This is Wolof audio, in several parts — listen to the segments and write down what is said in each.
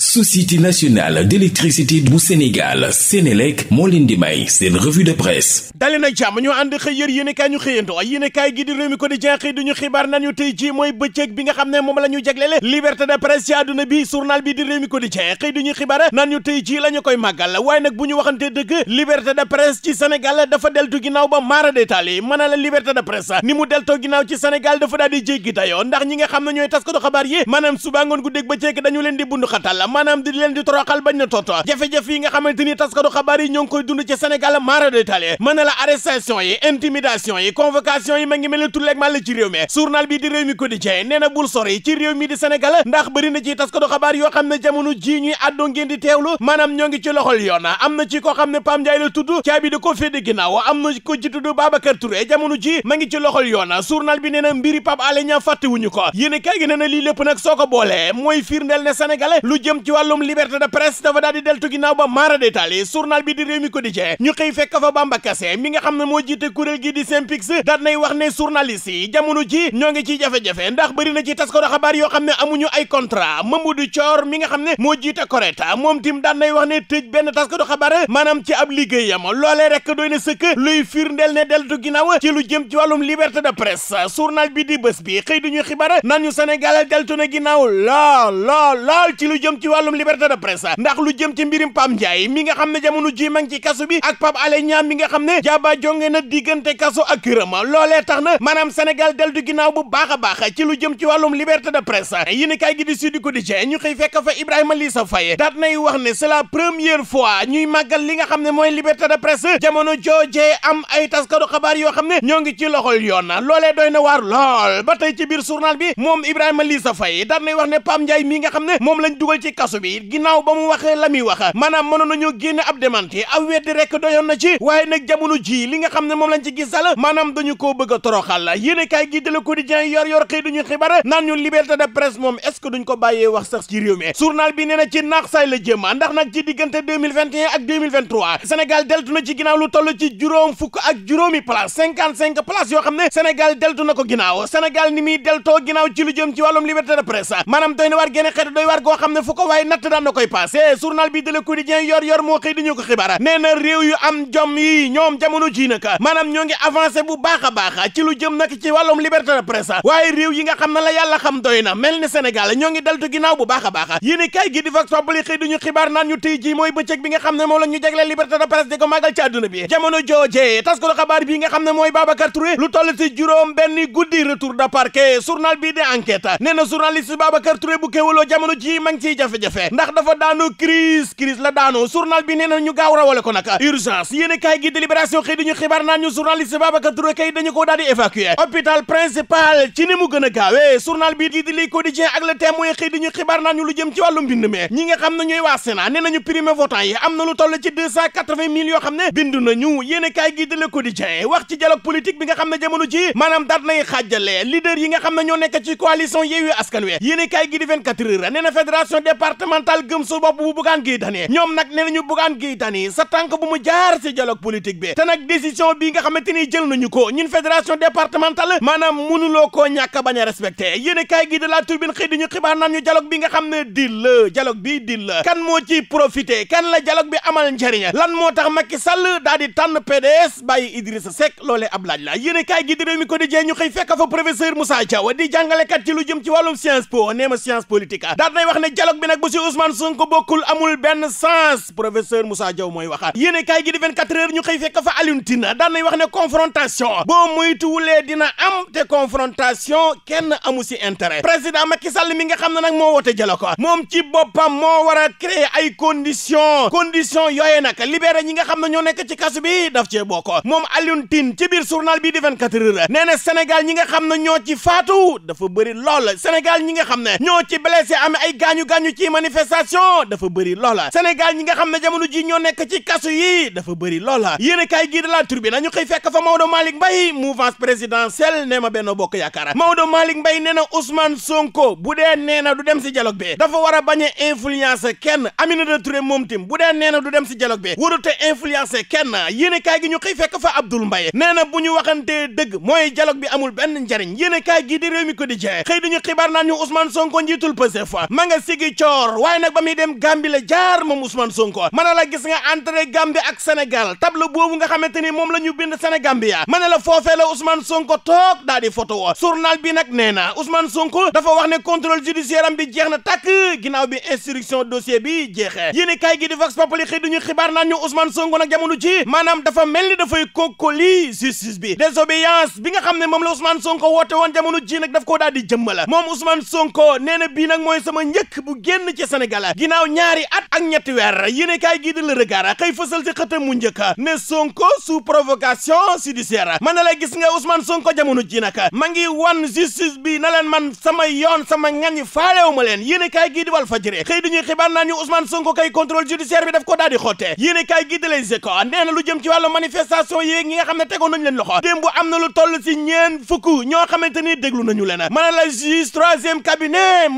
société nationale d'électricité bu Sénégal Sénélec moo leen di may seen revue de presse dali nag jàmm ñu ànd xëy yër yéenekaay ñu xëyandoo yéenekaay gi di Rewmi Quotidien xëy duñu nga xam ne moom la ñu jagleel liberté de presse ci àdduna bi di Rewmi xibaar naan ñu tey ji la koy màggal waaye nag bu ñu waxante dëgg liberté de presse ci Sénégal dafa deltu ginnaaw ba maara détaal yi mën a la liberté de presse ni mu deltoo ginnaaw ci Sénégal dafa daal di jéggi ndax ñi nga xam ne ñooy taskatu xabaar yi maanaam suba maanaam di leen di toroxal bañ na tonto jafe-jafe yi nga xamante ni taskatu xabaar yi ñoo koy dund ci Sénégal mara de tale mën na yi intimidation yi convocation yi ma ngi mel ni tulleeg man la ci bi di mi quotidien nee na bul sori ci réew mi di Sénégal ndax bëri na ci taskatu xabaar yoo xam ne jamono ji ñuy àddoo ngeen di teewlu maanaam ñoo ngi ci loxol yoon am na ci koo xam ne Pam Ndiaye la tudd caabi da ko féete ginnaaw am na ko ci tudd ji ma bi nee na mbiri Pape ko yéen kay gi nee lépp nag soo ko boolee mooy firndeel ne Sénégal lu jëm ci wàllum liberté de presse dafa daal di deltu ginnaaw ba maara détaali journal bi di réew mi quotidien ñu xëy fekk fa Bamba Kassé mi nga xam ne moo jiite kuréel gi di SYNPICS daat nay wax ne journaliste yi jamono ji ñoo ngi ciy jafe-jafe ndax bëri na ci taskoro xabaar yoo xam ne amuñu ay contrat Mamadou Thior mi nga xam ne moo jiite Corrète moom tim daat nay wax ne tëj benn taskoro xabaar maanaam ci ab liggéeyam loolee rek doy na sëkk luy firndeel ne deltu ginnaaw ci lu jëm ci wàllum liberté de presse journal bi di bés bi xëy duñu xibaar naan ñu deltu na ginnaaw lool lool lool ci lu jëm ci wàllum liberté de presse ndax lu jëm ci mbirim Pam Ndiaye mi nga xam ne jamono ji ma ngi ci kasu bi ak Pape Alé Niang mi nga xam ne jaaba jonge na diggante kaso ak këram loolee tax na maanaam Sénégal del du ginnaaw bu baax a baax ci lu jëm ci wàllum liberté de presse yéen kaay gi di Sud Quotidien ñu xëy fekk fa Ibrahima Lissa Faye daat nay wax ne c'est la fois ñuy màggal li nga xam ne mooy liberté de presse jamono joojee am ay taskatu xabaar yoo xam ne ñoo ngi ci loxol yoon loolee doy na waar lool ba tey ci bi moom Ibrahima Lissa Faye daat nay nga xam ne moom lañ dugal ci ci kaso ba mu waxee la muy wax maanaam mënoon nañoo génne ab démenti ab weddi rek doyoon na ci waaye nag jamono ji li nga xam ne moom lañ ci gisal maanaam dañu koo bëgg a toroxal yéen kaay gi de Le Quotidien yor yor xëy duñu xibaar naan ñu liberté de presse moom est duñ ko bàyyee wax sax ci réew mi journal bi nee ci naax la jëm ndax nag ci diggante ak 2023 deltu na ci ginnaaw lu toll ci juróom fukk ak juróomi place 55 place yoo ko waaye natt daan na koy passé journal bi de Le Quotidien yor yor moo xëy ñu ko xibaar nee na yu am jom yi ñoom jamono ji nag maanaam ñoo ngi avancé bu baax a baax ci lu jëm nag ci wàllum liberté de presse waaye réew yi nga xam ne la yàlla xam doy na mel ni Sénégal ñoo ngi deltu ginnaaw bu baax a baax yéen kay gi di Vox Populi xëy duñu xibaar ñu tey ji mooy bëccëg ne moom la ñu jagleel liberté de presse di ci àdduna bi nga xam ne mooy Babacar Touré lu toll ci juróom benn guddi retour de parquet journal bii di enquête nee na journaliste jamono ji ma ngi ciy jafe-jafe ndax dafa daanoo crise crise la daanoo journal bi nee na ñu gaaw rawale ko nag urgence yéen a kaay gi délibération xëy dañu xibaar naan ñu journaliste Babacar Touré kay dañu ko daal di évacuer principal ci ni mu gën a gaawee journal bi di di li quotidien ak le témoin xëy dañu xibaar naan ñu lu jëm ci wàllu mbind mi ñi nga xam ne ñooy waa Sénat nee nañu prime votant yi am na lu toll ci deux cent quatre xam ne bindu nañu yéen a kaay nekk ci départemental gëm sa bopp bu Bougane Gueye Dany ñoom nag nee nañu Bougane Gueye Dany sa tànk bu mu jaar ci dialogue politique bi te nag décision bi nga xamante ni jël nañu ko ñun fédération départementale maanaam mënuloo koo ñàkk a bañ a respecté yéen kaay gi de la turbine xëy di ñu xibaar naan ñu dialogue bi nga xam ne dil la bi dil la kan moo ci profité kan la dialogue bi amal njariñ lan moo tax Macky Sall daal di tànn PDS bàyyi Idrissa Seck loolee ab laaj la gi de réew mi ko di jee ñu lu jëm ci wàllum science po nee ma wax nag bu ci Ousmane Sonko bokkul amul benn sens professeur Moussa Diaw mooy waxaat yéene kaay gi di 24 heures ñu xëy fekk fa Alioune Tine daan nay wax ne confrontation boo moytuwulee dina am te confrontation kenn amu si intérêt président Macky Sall mi nga xam ne nag moo wote jëla ko moom ci boppam moo war a créer ay conditions conditions yooye nag libéré ñi nga xam ne ñoo nekk ci kasu bi daf cee bokk moom Alioune Tine ci biir journal bii di 24 heures nee na ñi nga xam ne ñoo ci faatu dafa bëri lool Sénégal ñi nga xam ne ñoo ci blessé ci manifestation dafa bëri loola Sénégal ñi nga xam ne jamono ji ñoo nekk ci kasu yi dafa bëri loola yéen a kaay gii de la Tribune nañu xëy fekk fa Maodo Malick Mbaye mouvance présidentielle nee ma Benno Bokk Yaakaar Maodo Malick Mbaye nee na Ousmane Sonko bu dee nee na du dem si dialogue bi dafa war a bañ a influencer kenn Aminata moom tim bu dee nee du dem si dialogue bi warut a influencer kenn yéen a kaay gi ñu xëy fekk fa Abdoul Mbaye nee na bu ñu waxantee dëgg mooy dialogue bi amul benn njariñ yéen a kaay gii di Rewmi Quotidien xëy dañu xibaar naan ñu Ousmane Sonko njiitul Kajoor waaye nag ba muy dem Gàmbi la jaar moom Ousmane Sonko mën na la gis nga entre Gàmbi ak Sénégal tableau boobu nga xamante ni moom la ñu bind Sénégambia mën na la foofee la Ousmane Sonko toog daal di photo woo journal bi nag nee na Ousmane Sonko dafa wax ne contrôle judiciaire am bi jeex na tàkk ginnaaw bi instruction dossier bi jeexee ne kay gi di Vox Populi xëy duñu xibaar naan ñu Ousmane Sonko nag jamono ji maanaam dafa mel ni dafay kokkoli justice bi désobéissance bi nga xam ne moom la Ousmane Sonko woote woon jamono ji nag daf koo daal di jëmmal moom Ousmane Sonko nee na bii nag mooy sama njëkk bu génn ci Sénégal ginnaaw ñaari at ak ñetti weer yéen kaay gii di la regard xëy fësal ci xëtam mu njëkk ne Sonko sous provocation judiciaire man na la gis nga Ousmane Sonko jamono ji nag ma ngi wan justice bi na leen man sama yoon sama ngañ faalewu ma leen yéen kaay gii di Walf Fadjri xëy duñuy xibaar naa ñu Ousmane Sonko kay contrôle judiciaire bi daf ko daal di xotte yéen kaay gii di Les Échos nee na lu jëm ci wàllu manifestation yi nga xam ne tegoon nañu leen na lu toll ci ñeen fukk ñoo xamante ni déglu nañu leen ma ne la juge troisième cabinet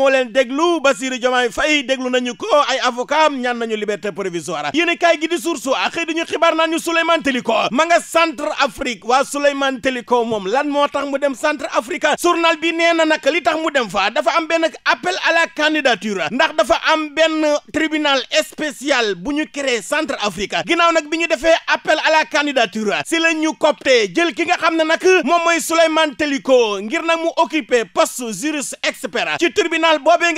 Diomaye Faye déglu nañu ko ay avocat am ñaan nañu liberté provisoire yéen kaay gi di source a xëy dañu xibaar naan ñu Souleymane Teliko ma nga centre Afrique waa Souleymane Teliko moom lan moo tax mu dem centre Afrique journal bi nee na nag li tax mu dem fa dafa am benn appel à la candidature ndax dafa am benn tribinal spécial bu ñu créé centre Afrique ginnaaw nag bi ñu defee appel à la candidature si la ñu copte jël ki nga xam ne nag moom mooy Souleymane Teliko ngir nag mu occuper poste juris expert ci tribunal boobee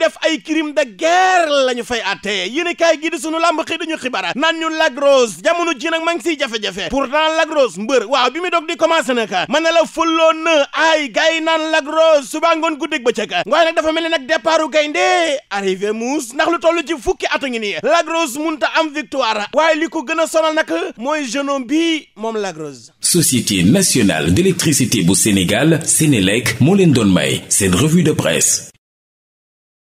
def ay crime de guerre la ñu fay attee yéen kaay gi di sunu làmb xëy dañu xibara naan ñu lagrose jamono ji nag ma ngi siy jafe pour pourtant lagros mbër waaw bi mu dog di commencé nag mën na la fulloon na ay gars yi naan lagrose suba ngoon guddeeg bëccëg waaye nag dafa mel ni nag départu gaynde arrivé muus ndax lu toll ci fukki at ngi nii mun munta am victoire waaye li ko gën sonal nag mooy jeune bi moom lagrose société nationale d'électricité bu Sénégal Sénélec moo leen doon may seen revue de presse